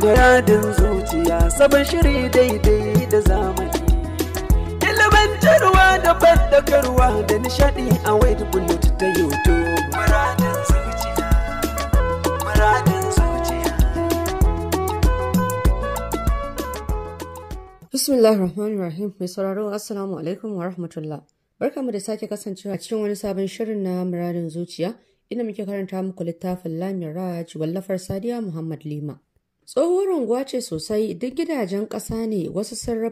Muradin zuciya sabon shiri daidai da zamani. Ilimantarwa da bandakarwa da nishadi a wade bullet ta YouTube. bismillah zuciya, muradin Mai sauraro Assalamu alaikum wa rahmatullah. mu da sake kasancewa cikin wani sabon shirin na muradin zuciya. Ina muke karanta muku littafin Lamin Raj wallafar Sadiya Muhammad Lima. tsohuwar unguwa ce sosai duk gidajen ƙasa ne wasu sun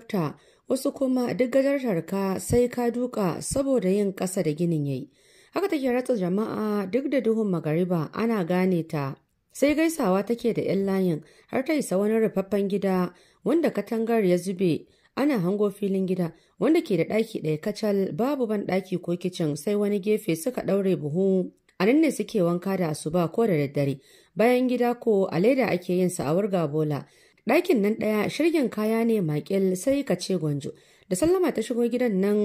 wasu kuma duk gajartar ka sai ka duka saboda yin ƙasa da ginin yayi haka take ratsa jama'a duk da duhun magariba ana gane ta sai gaisawa take da 'yan layin har ta isa wani rufaffen gida wanda katangar ya zube ana hango filin gida wanda ke da ɗaki ɗaya kacal babu ban ɗaki ko kicin sai wani gefe suka ɗaure buhu a nan ne suke wanka da asuba ko da daddare bayan gida ko a leda ake yin sa a wurga bola ɗakin nan ɗaya shirgin kaya ne makil sai ka ce gwanjo da sallama ta shigo gidan nan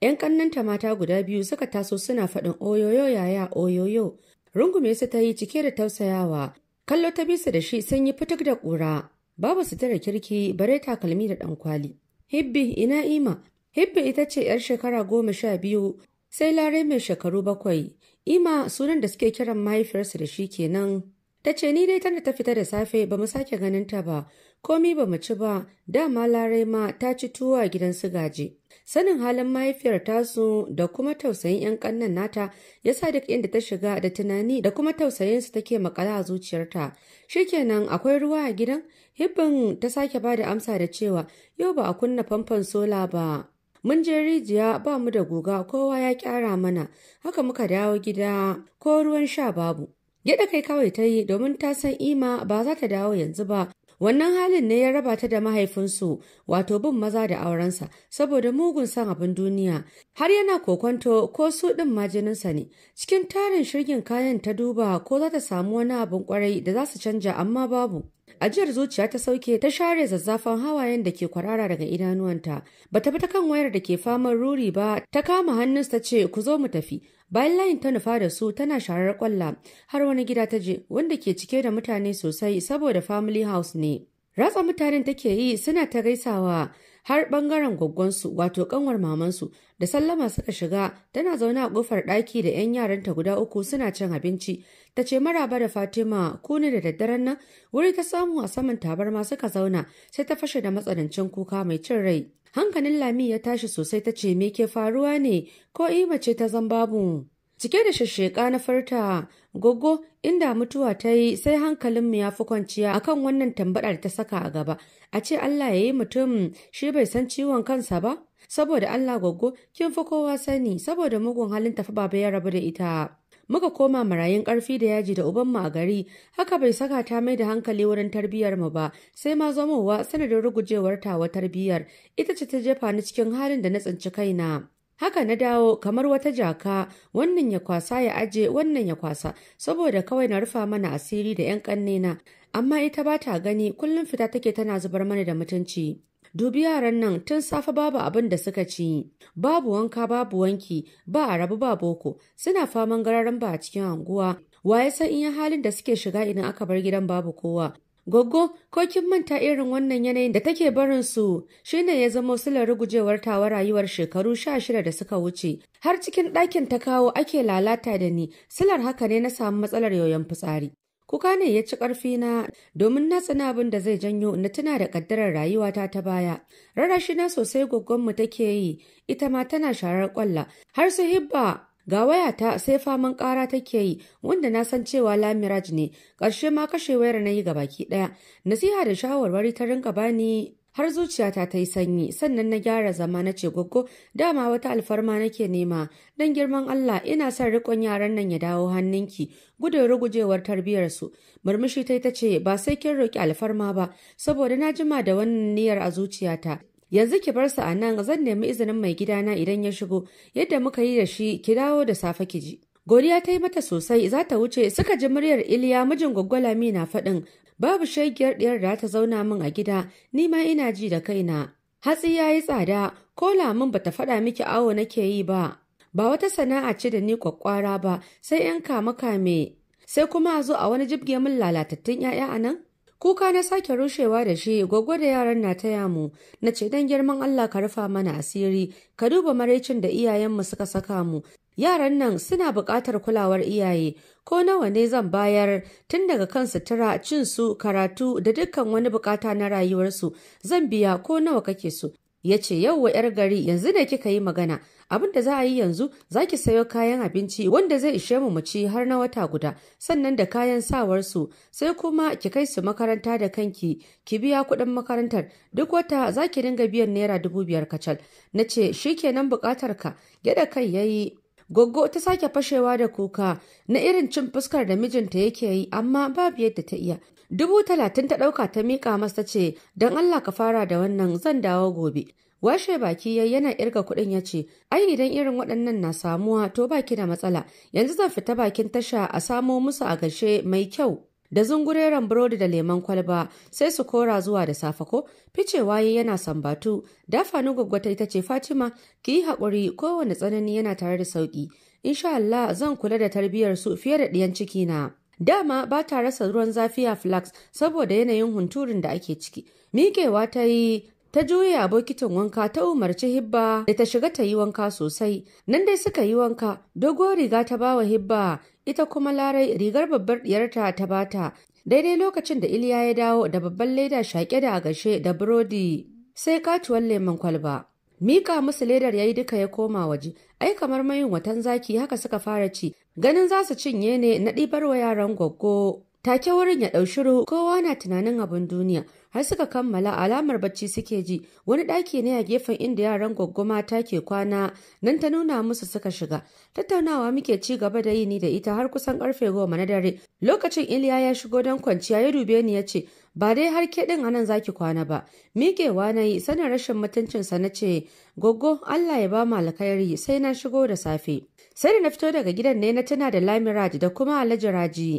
yan ta mata guda biyu suka taso suna faɗin oyoyo yaya oyoyo rungume su ta yi cike da tausayawa kallo ta bisa da shi sun yi fituk da ƙura babu sutura kirki bare takalmi da ɗankwali hibbi ina ima hibbi ita ce yar shekara goma sha biyu sai larai mai shekaru bakwai ima sunan da suke kiran mahaifiyarsa da shi kenan ta ce ni dai tana ta fita da safe ba mu sake ganin ta ba komi ba mu ci ba dama larai ma ta ci tuwo gidan su gaji sanin halin mahaifiyar tasu da kuma tausayin yan kannan nata ya sa duk inda ta shiga da tunani da kuma tausayin su take makala a zuciyarta shikenan akwai ruwa a gidan hibbin ta sake ba da amsa da cewa yau ba a kunna famfon sola ba Mun je rijiya ba mu da goga, kowa ya kyara mana, haka muka dawo gida ko ruwan sha babu. Gyaɗa kai kawai ta yi domin ta san Ima ba za ta dawo yanzu ba. Wannan halin ne ya raba ta da mahaifinsu, wato bin maza da aurensa, saboda mugun san abin duniya. Har yana kokonto ko su ɗin majininsa ne. Cikin tarin shirgin kayan ta duba ko za ta samu wani abin kwarai da za su canja amma babu. ajiyar zuciya ta sauke ta share zazzafan hawayen da ke kwarara daga idanuwanta ba ta bi ta kan wayar da ke faman ruri ba ta kama hannunsa ta ce ku zo mu tafi bayan layin ta nufa da su tana sharar kwalla har wani gida ta je wanda ke cike da mutane sosai saboda family house ne ratsa mutanen take yi suna ta gaisawa har bangaren gwaggonsu wato kanwar mamansu da sallama suka shiga tana zaune a kofar ɗaki da 'yan yaranta guda uku suna cin abinci ta ce maraba da fatima ku ne da daddaren nan wuri ta samu a saman tabarma suka zauna sai ta fashe da matsanancin kuka mai cin rai hankalin lami ya tashi sosai ta ce me ke faruwa ne ko ima ce ta zan babu Cike da shasheka na farta, gogo inda mutuwa ta yi sai hankalinmu ya fi kwanciya akan wannan da ta saka a gaba. A ce Allah ya yi mutum shi bai san ciwon kansa ba? Saboda Allah gogo kin fi kowa sani saboda mugun halin tafi baba ya rabu da ita. Muka koma marayun karfi da yaji da ubanmu a gari, haka bai saka ta mai da hankali wurin tarbiyyar mu ba, sai ma zamowa sanadin rugujewar tawa tarbiyyar, ita ce ta jefa ni cikin halin da na tsinci kaina. haka na dawo kamar wata jaka wannan ya kwasa ya aje wannan ya kwasa saboda kawai na rufa mana asiri da 'yan na amma ita ba ta gani kullum fita take tana zubar mana da mutunci dubi yaran nan tun safe babu abin da suka ci babu wanka babu wanki ba a rabu ba boko suna faman gararan ba a cikin anguwa waye san iya halin da suke shiga idan aka bar gidan babu kowa Goggo, ko kin manta irin wannan yanayin da take barin su shine ya zama silar rugujewar tawa rayuwar shekaru sha shida da suka wuce. Har cikin ɗakin ta kawo ake lalata da ni, silar haka ne na samu matsalar yoyon fitsari. Kuka ne ya ci ƙarfi na domin na tsina abin da zai janyo na tuna da ƙaddarar rayuwata ta baya. Rarashi na sosai mu take yi, ita ma tana sharar ƙwalla. Har su hibba ga wayata sai faman ƙara take yi wanda na san cewa lamiraj ne ƙarshe ma kashe wayar na yi baki ɗaya nasiha da shawarwari ta rinka bani har zuciyata ta yi sanyi sannan na gyara zama na ce goggo dama wata alfarma nake nema dan girman Allah ina son rikon yaran nan ya dawo hannunki gudun rugujewar tarbiyarsu murmushi ta ta ce ba sai kin roki alfarma ba saboda na jima da wannan niyyar a zuciyata yanzu ki bar sa a nan zan nemi izinin mai gidana idan ya shigo yadda muka yi da shi ki dawo da safe ki ji godiya ta yi mata sosai za ta wuce suka ji muryar iliya mijin gwaggwala mi na faɗin babu shaigiyar ɗiyar da ta zauna min a gida ni ma ina ji da kaina hatsi ya yi tsada ko lamun bata faɗa miki awo nake yi ba ba wata sana'a ce da ni kwakwara ba sai 'yan kame kame sai kuma a zo a wani jibge min lalatattun 'ya'ya anan? kuka na sake rushewa da shi gwaggo da yaran na taya mu na ce dan girman Allah ka rufa mana asiri ka duba maraicin da iyayenmu suka saka mu yaran nan suna buƙatar kulawar iyaye ko nawa ne zan bayar tun daga kan sutura cin su karatu da dukkan wani bukata na rayuwarsu zan biya ko nawa kake so ya ce yauwa yar gari yanzu da kika yi magana abin da za a yi yanzu za ki sayo kayan abinci wanda zai ishe mu mu ci har na wata guda sannan da kayan sawar su, sai kuma ki kai su makaranta da kanki ki biya kuɗin makarantar duk wata za ki dinga biyan naira dubu biyar kacal na ce shi kenan buƙatar ka gyaɗa kai ya yi Goggo ta sake fashewa da kuka na irin cin fuskar da mijinta yake yi amma babu yadda ta iya. Dubu talatin ta ɗauka ta miƙa masa ce, don Allah ka fara da wannan zan dawo gobe. Washe baki yayi yana irga kuɗin ya ce, ai idan irin waɗannan na samuwa to baki da matsala, yanzu zan fita bakin tasha a samo musu a gashe mai kyau da zungureren burodi da lemon kwalba sai su kora zuwa da safe ko ficewa ya yana sambatu dafanin gwaggwata ita ce fatima ki yi haƙuri kowane tsanani yana tare da sauƙi insha Allah zan kula da tarbiyyar su fiye da ɗiyan ciki na dama ba ta rasa ruwan zafi a flax saboda yanayin hunturin da ake ciki miƙewa ta yi ta juya bokitin wanka ta umarci hibba da ta shiga ta yi wanka sosai nan dai suka yi wanka doguwar riga ta bawa hibba ita kuma larai rigar babbar diyarta ta bata daidai lokacin da iliya ya dawo da babban leda shaƙe da agashe da burodi sai katuwar lemon kwalba mika musu ledar yayi duka ya koma waje ai kamar mayun watan zaki haka suka fara ci ganin za su cinye ne na ɗibar wa yaran gwaggo take wurin ya ɗau shiru kowa na tunanin abin duniya har suka kammala alamar bacci suke ji wani ɗaki ne a gefen inda yaran gwaggo mata ke kwana nan ta nuna musu suka shiga tattaunawa muke ci gaba da yi ni da ita har kusan karfe goma na dare lokacin iliya ya shigo don kwanciya ya dube ni ya ce ba dai har ke din anan zaki kwana ba miƙewa na yi sanin rashin mutuncinsa na ce goggo Allah ya ba mu alkhairi sai na shigo da safe sai da na fito daga gidan ne na tana da Lamiraj da kuma Alhaji Raji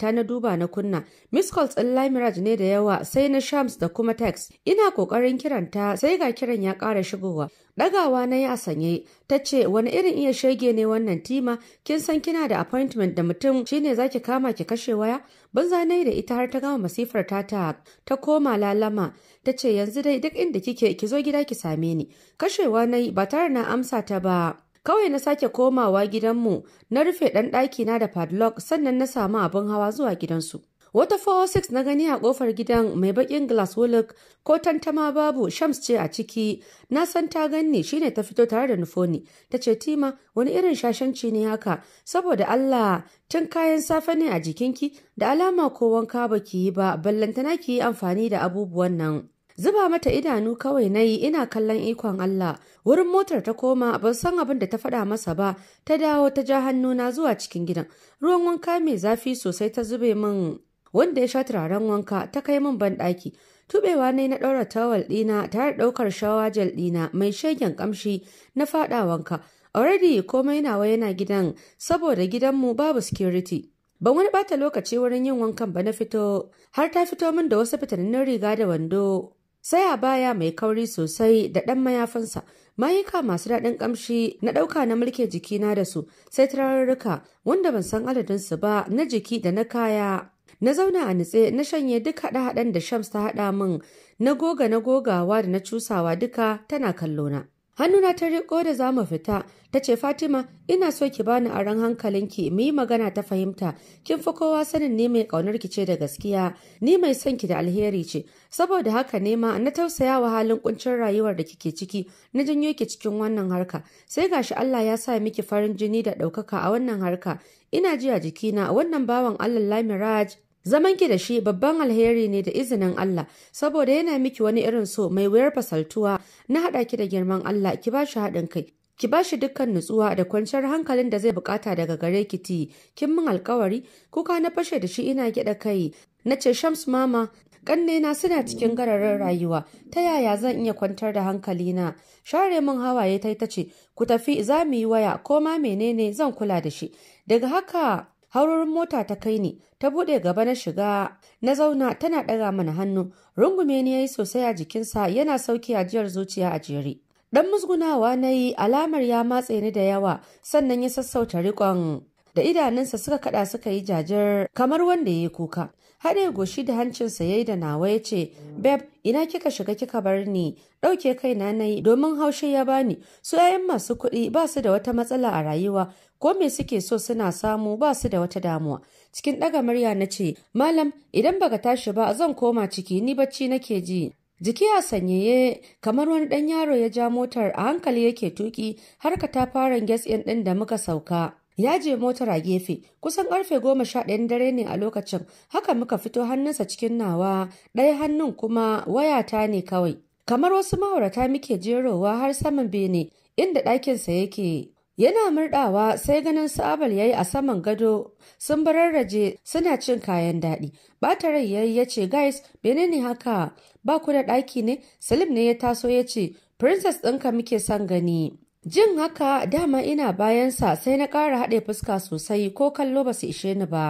ta na duba na kunna miss calls din Lamiraj ne da yawa sai na Shams da kuma text ina kokarin kiranta sai ga kiran ya ƙara shigowa ɗagawa na yi a sanye ta ce wani irin iya shege ne wannan tima kin san kina da appointment da mutum shine zaki kama ki kashe waya banza da ita har ta gama masifar ta ta koma lalama ta ce yanzu dai duk inda kike ki zo gida ki same ni kashewa na yi ba tare na amsa ta ba kawai na sake komawa gidanmu na rufe ɗan ɗakina da padlock sannan na samu abin hawa zuwa gidansu Wata 406 na gani a kofar gidan mai bakin glass wuluk ko tantama babu Shams ce a ciki. Na san ta ganni shine ta fito tare da nufoni. Ta ce Tima wani irin shashanci ne haka saboda Allah tun kayan safe ne a jikinki da alama ko wanka baki yi ba ballantana ki yi amfani da abubuwan nan. zuba mata idanu kawai na yi ina kallon ikon Allah wurin motar ta koma ban san abin da ta faɗa masa ba ta dawo ta ja hannuna zuwa cikin gidan ruwan wanka mai zafi sosai ta zube min wanda ya sha turaren wanka ta kai min banɗaki tubewa ne na ɗaura tawal ɗina tare da ɗaukar shawajal ɗina mai shegen ƙamshi na faɗa wanka already komai nawa yana gidan saboda gidanmu babu security ban wani bata lokaci wurin yin wankan ba na fito har ta fito min da wasu fitannin riga da wando sai a baya mai kauri sosai da ɗan mayafinsa mayuka masu daɗin ƙamshi na ɗauka na mulke jikina da su sai turarurruka wanda ban san adadinsu ba na jiki da na kaya Na zauna a nitse na shanye duk haɗe-haɗen da Shams ta haɗa min na goga na gogawa da na cusawa duka tana kallona. hannuna ta riko da za mu fita ta ce fatima ina so ki bani a ran hankalinki mu yi magana ta fahimta kin fi kowa sanin ni mai kaunar ki ce da gaskiya ni mai son ki da alheri ce saboda haka ne ma na tausaya wa halin kuncin rayuwar da kike ciki na janyo ki cikin wannan harka sai gashi Allah ya sa miki farin jini da ɗaukaka a wannan harka ina ji jikina wannan bawan Allah Lamiraj Zaman ki da shi babban alheri ne da izinin Allah, saboda yana miki wani irin so mai wuyar fasaltuwa na haɗa ki da girman Allah ki ba shi haɗin kai. Ki ba shi dukkan nutsuwa da kwanciyar hankalin da zai bukata daga gare ki ti, kin min alkawari, kuka na fashe da shi ina gyaɗa kai, na ce Shams mama, na suna cikin gararin rayuwa, ta yaya zan iya kwantar da hankalina? Share min hawaye ta ta ce, ku tafi za mu yi waya ko ma menene zan kula da shi. Daga haka haurorin mota ta kai ni ta buɗe gaba na shiga na zauna tana ɗaga mana hannu rungume ne ya yi sosai a jikinsa yana sauki ajiyar zuciya a jere dan musgunawa na yi alamar ya matse ni da yawa sannan ya sassauta rikon. da idanunsa suka kaɗa suka yi jajir kamar wanda ya yi kuka haɗe goshi da hancinsa ya yi da nawa ya ce beb ina kika shiga kika bar ni ɗauke kaina na yi domin haushi ya bani su 'ya'yan masu kuɗi ba su da wata matsala a rayuwa ko me suke so suna samu ba su da wata damuwa cikin ɗaga murya na ce malam idan baka tashi ba zan koma ciki ni bacci nake ji Jiki a sanyaye kamar wani ɗan yaro ya ja motar a hankali yake tuki har ka ta fara gas ɗin da muka sauka. Ya je motar a gefe kusan karfe goma sha ɗayan dare ne a lokacin haka muka fito hannunsa cikin nawa ɗaya hannun kuma wayata ne kawai. Kamar wasu ma'aurata muke jerowa har saman bene inda ɗakinsa yake Yana murɗawa sai ganin sabal yayi ya a saman gado sun bararraje suna cin kayan daɗi. Bata rai ya ya ce guys menene haka ba ku da ɗaki ne? Salim ne ya taso ya ce princess ɗinka muke son gani. Jin haka dama ina bayansa sai na ƙara haɗe fuska sosai ko kallo ba su ishe ni ba.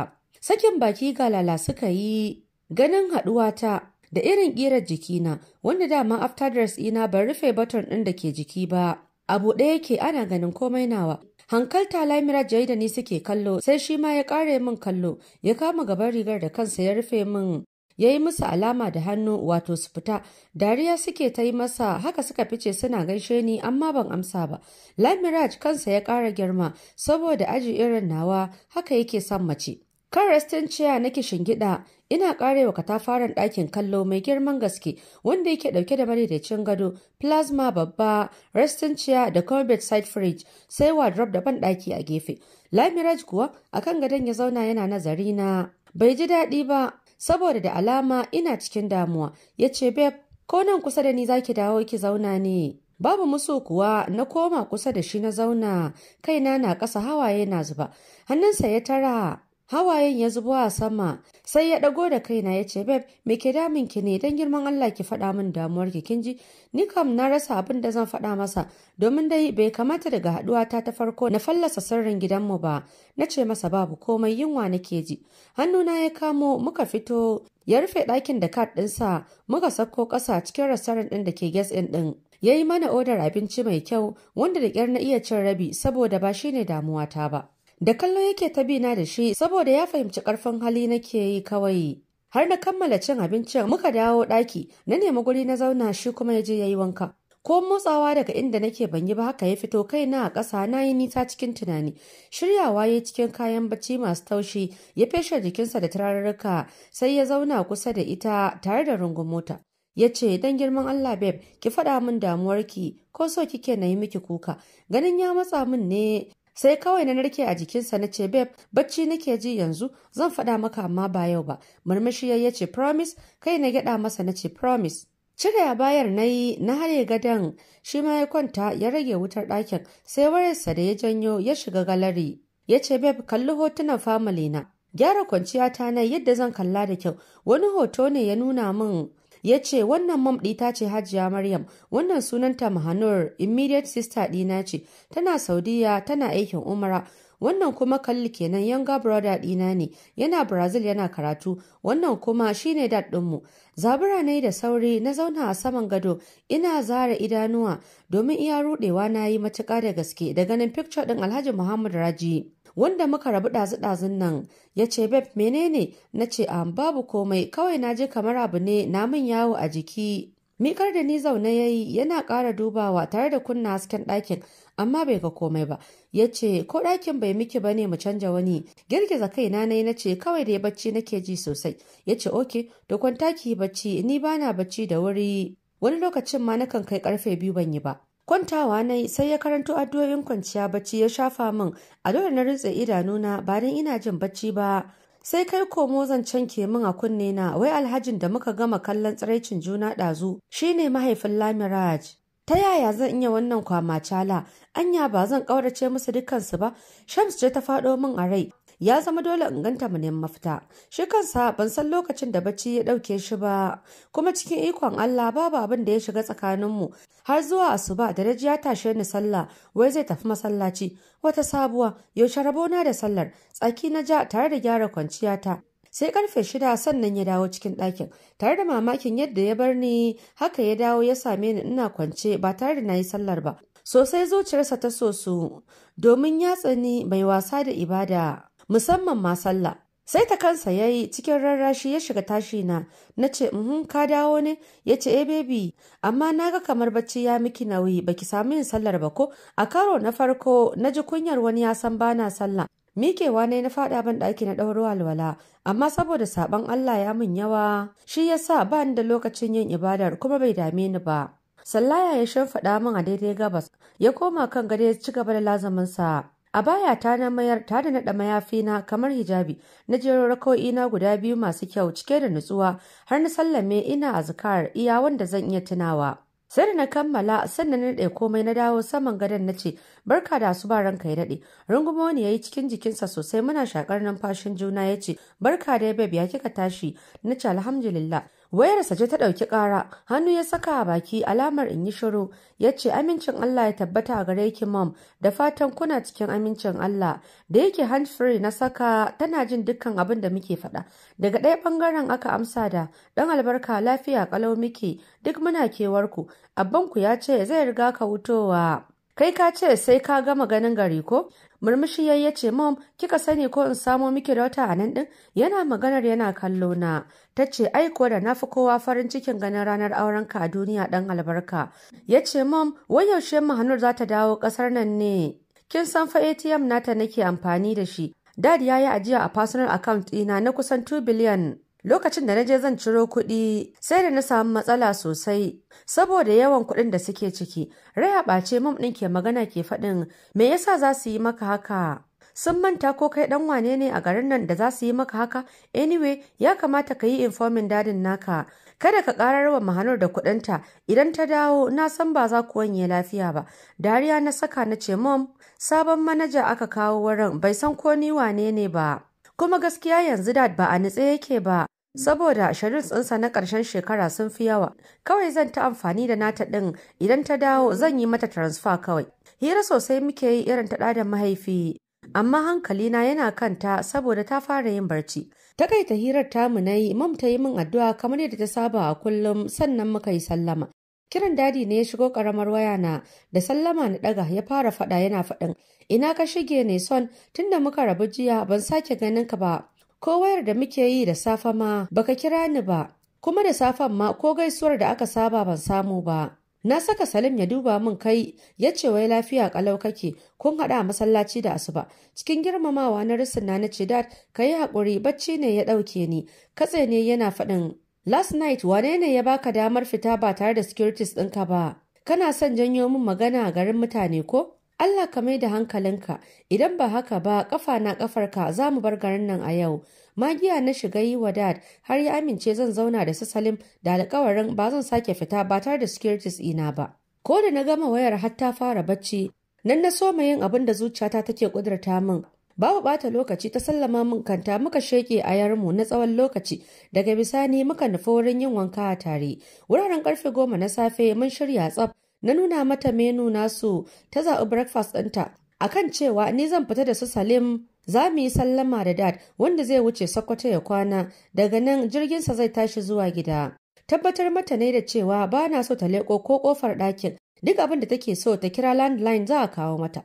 Sakin baki ga lala suka yi ganin haɗuwata da irin ƙirar jikina wanda dama after dress ina ban rufe baton ɗin da ke jiki ba. Abu ɗaya yake ana ganin komai nawa hankalta laimira jai da ni suke kallo sai shi ma ya ƙare min kallo ya kama gaban rigar da kansa ya rufe min ya yi musu alama da hannu wato su fita dariya suke ta yi masa haka suka fice suna gaishe ni amma ban amsa ba lamiraj kansa ya ƙara girma saboda aji irin nawa haka yake son mace kan restin ciya nake shingida ina karewa katafaren ɗakin kallo mai girman gaske wanda yake ɗauke da madaidaicin gado plasma babba resting chair da corbett side fridge sai wardrobe da ban ɗaki a gefe lamiraj kuwa akan gadon ya zauna yana nazari na bai ji daɗi ba saboda da alama ina cikin damuwa ya ce beb ko nan kusa da ni zaki dawo ki zauna ne Babu muso kuwa na koma kusa da shi na zauna kaina na ƙasa hawaye na zuba. Hannunsa ya tara Hawayen ya zubo a sama sai ya ɗago da kaina ya ce babe me ke damin ki ne don girman Allah ki faɗa min damuwar ki kinji ni kam na rasa abin da zan faɗa masa domin dai bai kamata daga haɗuwa ta ta farko na fallasa sirrin gidanmu ba na ce masa babu komai yunwa nake ji hannuna ya kamo muka fito ya rufe ɗakin da kad ɗinsa muka sauko ƙasa cikin rasarar ɗin da ke gas in ɗin ya yi mana odar abinci mai kyau wanda da ƙyar na iya cin rabi saboda ba shine damuwata ba. da kallo yake ta bina da shi saboda ya fahimci karfin hali nake yi kawai har na kammala cin abincin muka dawo ɗaki na nemi guri na zauna shi kuma ya je ya yi wanka ko motsawa daga inda nake ban yi ba haka ya fito kai na a ƙasa na yi nisa cikin tunani shiryawa ya cikin kayan bacci masu taushi ya feshe jikinsa da turarurruka sai ya zauna kusa da ita tare da rungun mota ya ce 'Dan girman Allah beb ki faɗa min damuwarki ko so kike na yi miki kuka ganin ya matsa min ne sai kawai na narke a jikinsa na ce babe bacci nake ji yanzu zan faɗa maka amma ba yau ba murmushi ya ce promise kai na gyaɗa masa na ce promise cire a bayar na yi na hare gadon shi ma ya kwanta ya rage wutar ɗakin sai wayarsa da ya janyo ya shiga galari ya ce babe kalli hotunan family na gyara kwanciya ta na yadda zan kalla da kyau wani hoto ne ya nuna min ya ce wannan mam ta ce hajiya maryam wannan sunanta mahanur immediate sister ɗina ce tana saudiya tana aikin umara wannan kuma kalli kenan yanga brother ɗina ne yana brazil yana karatu wannan kuma shine dad ɗinmu zabura na yi da sauri na zauna a saman gado ina zara idanuwa domin iya rudewa na yi matuƙa da gaske da ganin picture ɗin alhaji muhammad raji wanda muka rabu ɗazu-ɗazun nan ya ce beb menene na ce a babu komai kawai na je kamar abu ne na min yawo a jiki mikar da ni zaune ya yi yana ƙara dubawa tare da kunna hasken ɗakin amma bai ga komai ba ya ce ko ɗakin bai miki ba ne mu canja wani girgiza kai na na ce kawai da ya bacci nake ji sosai ya ce oke to kwanta ki bacci ni bana bacci da wuri wani lokacin ma nakan kai karfe biyu ban yi ba Kwantawa na sai ya karanto addu'o'in kwanciya bacci ya shafa min a dole na rutse idanuna ba dan ina jin bacci ba. Sai kai komo zancen ke min a kunne na wai alhajin da muka gama kallon tsiraicin juna ɗazu shine mahaifin Lamiraj. Ta yaya zan iya wannan kwamacala? Anya ba zan ƙaurace musu dukansu ba? Shams ce ta faɗo min a rai. ya zama dole in ganta mu neman mafita shi kansa ban san lokacin da bacci ya ɗauke shi ba kuma cikin ikon Allah babu abin da ya shiga tsakanin mu har zuwa asuba da rajiya ya tashe ni sallah wai zai tafi masallaci wata sabuwa yaushe rabo na da sallar tsaki na ja tare da gyara kwanciya ta sai karfe shida sannan ya dawo cikin ɗakin tare da mamakin yadda ya bar ni haka ya dawo ya same ni ina kwance ba tare da na yi sallar ba sosai zuciyarsa ta soso domin ya tsani mai wasa da ibada musamman ma sallah sai ta kansa ya yi cikin rarrashi ya shiga tashi na na ce uhun ka dawo ne ya ce eh baby amma na ga kamar bacci ya miki nauyi baki samu yin sallar ba ko a karo na farko na ji kunyar wani ya san bana sallah mikewa ne na faɗa ban ɗaki na ɗauro walwala amma saboda saɓon Allah ya mun yawa shi ya sa ba da lokacin yin ibadar kuma bai dame ni ba sallaya ya shimfiɗa min a daidai gabas ya koma kan gado ya ci gaba da lazaminsa a baya ta na mayar ta da naɗa na kamar hijabi na jero na guda biyu masu kyau cike da nutsuwa har na sallame ina azkar iya wanda zan iya tunawa sai da na kammala sannan na ɗaya komai na dawo saman gadon na ce barka da su ba ranka ya daɗe rungumo ne ya yi cikin jikinsa sosai muna shakar numfashin juna ya ce barka da babe ya kika tashi na ce alhamdulillah wayarsa ce ta ɗauki ƙara hannu ya saka a baki alamar in yi shiru ya ce amincin Allah ya tabbata a gare ki mom da fatan kuna cikin amincin Allah da yake hand free na saka tana jin dukkan abin da muke faɗa daga ɗaya ɓangaren aka amsa da ɗan albarka lafiya ƙalau muke. duk muna kewarku abbanku ya ce zai riga ka wutowa kai ka ce sai ka gama ganin gari ko murmushi yayi ya ce mom kika sani ko in samo miki da wata anan din yana maganar yana kallo na ta ce ai ko da nafi kowa farin cikin ganin ranar auren ka a duniya dan albarka ya ce mom wai yaushe mahanur za ta dawo kasar nan ne kin san fa ATM nata nake amfani da shi dad ya yi ajiya a personal account ɗina na kusan 2 billion lokacin da na je zan ciro kuɗi sai da na samu matsala sosai saboda yawan kuɗin da suke ciki a ɓace mam ɗin ke magana ke faɗin me yasa za su yi maka haka sun manta ko kai ɗan wane ne a garin nan da za su yi maka haka anyway ya kamata ka yi informin dadin naka kada ka karar wa mahanar da kudinta idan ta dawo na san ba za ku wanye lafiya ba dariya na saka na ce mom sabon manaja aka kawo wurin bai san ko ni wane ne ba kuma gaskiya yanzu dad ba a nitse yake ba saboda shirin ɗinsa na ƙarshen shekara sun fi yawa kawai zan ta amfani da nata ɗin idan ta dawo zan yi mata transfer kawai hira sosai muke yi irin ta da mahaifi amma hankalina yana kanta saboda ta fara yin barci ta kai ta hirar tamu na mam ta yi min addu'a kamar yadda ta saba a kullum sannan muka yi sallama kiran dadi ne ya shigo karamar waya na da sallama na ɗaga ya fara faɗa yana faɗin ina ka shige ne son tunda muka rabu jiya ban sake ganin ka ba ko wayar da muke yi da safa ma baka kira ni ba kuma da safen ma ko gaisuwar da aka saba ban samu ba na saka salim ya duba min kai ya ce wai lafiya kalau kake kun haɗa masallaci da asuba cikin girmamawa na risina na ce dad ka yi haƙuri bacci ne ya ɗauke ni katse ne yana faɗin last night wane ne ya baka damar fita ba tare da securities ɗinka ba kana son janyo min magana a garin mutane ko Allah ka mai da hankalinka idan ba haka ba kafa na kafarka za mu bar garin nan a yau magiya na shiga yi wa dad har ya amince zan zauna da su salim da alkawarin ba zan sake fita ba tare da securities ina ba ko da na gama wayar har ta fara bacci nan na soma yin abin da zuciyata take kudurta min babu ɓata lokaci ta sallama min kanta muka sheke a yarmu na tsawon lokaci daga bisani muka nufi wurin yin wanka a tare wuraren karfe goma na safe mun shirya tsaf na nuna mata menu nasu ta zaɓi breakfast ɗinta A kan cewa ni zan fita da su Salim za mu yi sallama da dad wanda zai wuce Sokoto ya kwana daga nan jirginsa zai tashi zuwa gida. Tabbatar mata ne da cewa ba na so ta leƙo ko kofar ɗakin duk abin da take so ta kira landline za a kawo mata.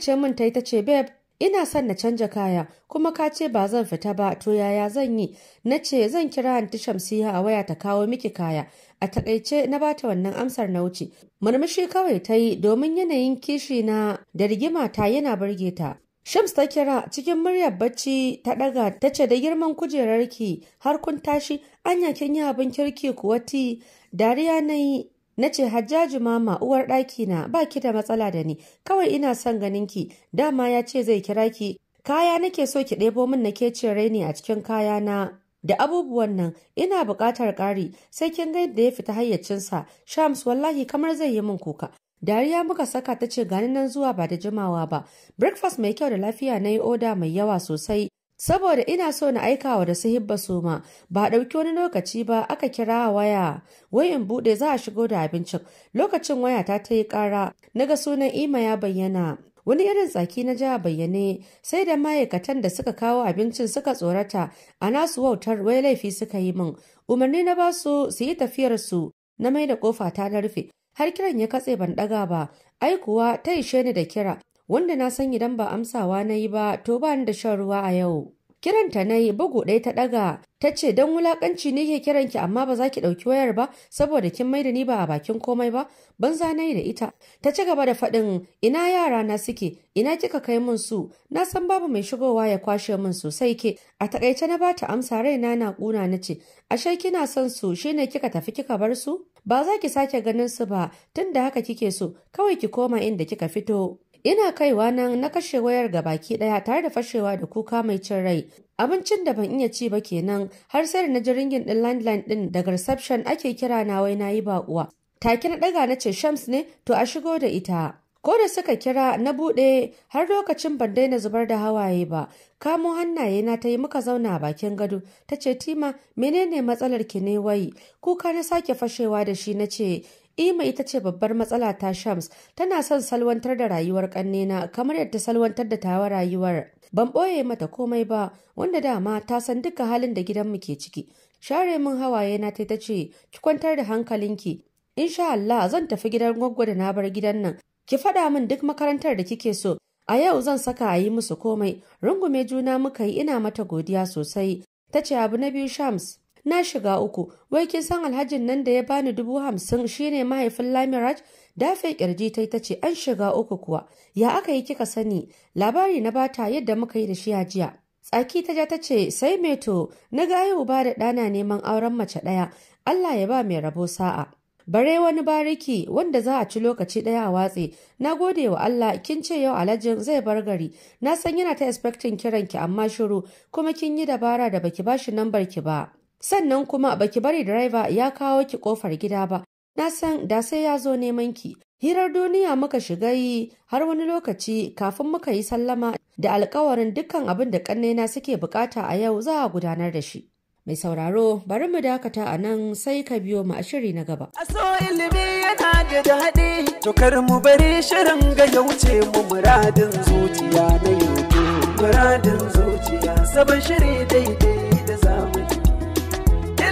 ce min ta yi ta ce babe ina son na canja kaya kuma ka ce ba zan fita ba to yaya zan yi na ce zan kira anti shamsiya a waya ta kawo miki kaya a takaice na bata wannan amsar na wuce murmushi kawai ta yi domin yanayin kishi na da rigima ta yana burge ta Shams ta kira cikin muryar bacci ta daga ta ce da girman kujerarki har kun tashi anya kin yi abin kirki kuwa ti dariya na yi na ce hajjaji mama uwar ɗaki na ba ki da matsala da ni kawai ina son ganin ki dama ya ce zai kira ki kaya nake so ki ɗebo min na ke cin raini a cikin kaya na da abubuwan nan ina buƙatar ƙari sai kin ga yadda ya fita hayyacinsa shams wallahi kamar zai yi min kuka dariya muka saka ta ce gani nan zuwa ba da jimawa ba breakfast mai kyau da lafiya na yi oda mai yawa sosai Saboda ina so na aika wa da su hibba ba ma, ba ɗauki wani lokaci ba aka kira waya, wai in buɗe za a shigo da abincin, lokacin wayata ta yi ƙara, na ga sunan Ima ya bayyana. wani irin tsaki na ja bayyane sai da ma'aikatan da suka kawo abincin suka tsorata a nasu wautar wai laifi suka yi min umarni na ba su su yi tafiyar su na mai da kofa ta na rufe har kiran ya katse ban daga ba ai kuwa ta ishe ni da kira wanda na san idan ba amsawa na yi ba to ba da shan ruwa a yau. Kiranta na yi bugu ɗaya ta ɗaga ta ce don wulaƙanci ne ke kiranki amma ba za ki ɗauki wayar ba saboda kin mai da ni ba a bakin komai ba Ban za na yi da ita. Ta ci gaba da faɗin ina yara na suke ina kika kai min su na san babu mai shigowa ya kwashe min sosai ke a takaice na ba ta amsa raina na ƙuna na ce ashe kina son su shine kika tafi kika bar su ba za ki sake ganin su ba tun da haka kike so kawai ki koma inda kika fito. Ina kaiwa nan na kashe wayar ga baki ɗaya tare da fashewa da kuka mai cin rai. Abincin da ban iya ci ba kenan har sai da na ji ringin ɗin landline din daga reception ake kira na wai na yi baƙuwa. Take na ɗaga na ce Shams ne to a shigo da ita. Ko da suka kira na buɗe har lokacin ban daina zubar da hawaye ba, kamo hannaye na ta yi muka zauna a bakin gado, ta ce Tima menene matsalar ki ne wai, kuka na sake fashewa da shi na ce Ima ita ce babbar matsala ta Shams, tana son salwantar da rayuwar ƙannena kamar yadda salwantar da tawa rayuwar. Ban ɓoye mata komai ba, wanda dama ta san duka halin da gidanmu ke ciki. Share min hawaye na ta ce, ki kwantar da hankalinki. Insha Allah zan tafi gidan gwaggwa da na bar gidan nan. Ki faɗa min duk makarantar da kike so. A yau zan saka a yi musu komai. Rungume juna muka yi ina mata godiya sosai. Ta ce abu na biyu Shams, na shiga uku wai kin san alhajin nan da ya bani dubu hamsin shine mahaifin lamiraj dafe kirji ta ta ce an shiga uku kuwa ya aka yi kika sani labari na bata yadda muka yi da shi a jiya tsaki ta ja ta ce sai meto na ga yau ba da ɗana neman auren mace ɗaya allah ya ba mai rabo sa'a bare wani bariki wanda za a ci lokaci ɗaya a watse na gode wa Allah kin ce yau alhajin zai bar gari na san yana ta expectin ki, amma shiru kuma kin yi dabara da baki bashi nambar ki ba sannan kuma baki bari driver ya kawo ki kofar gida ba na san da sai ya zo neman ki hirar duniya muka shiga yi har wani lokaci kafin muka yi sallama da alkawarin dukkan abin da kannena suke bukata a yau za a gudanar da shi mai sauraro bari mu dakata a nan sai ka biyo mu ashiri na gaba A so ilimi yana da daɗi to kar mu bari shirin ga ya wuce mu muradin zuciya na yau muradin zuciya sabon shiri daidai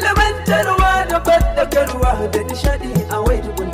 Ilimantarwa da fadakarwa da nishadi a wai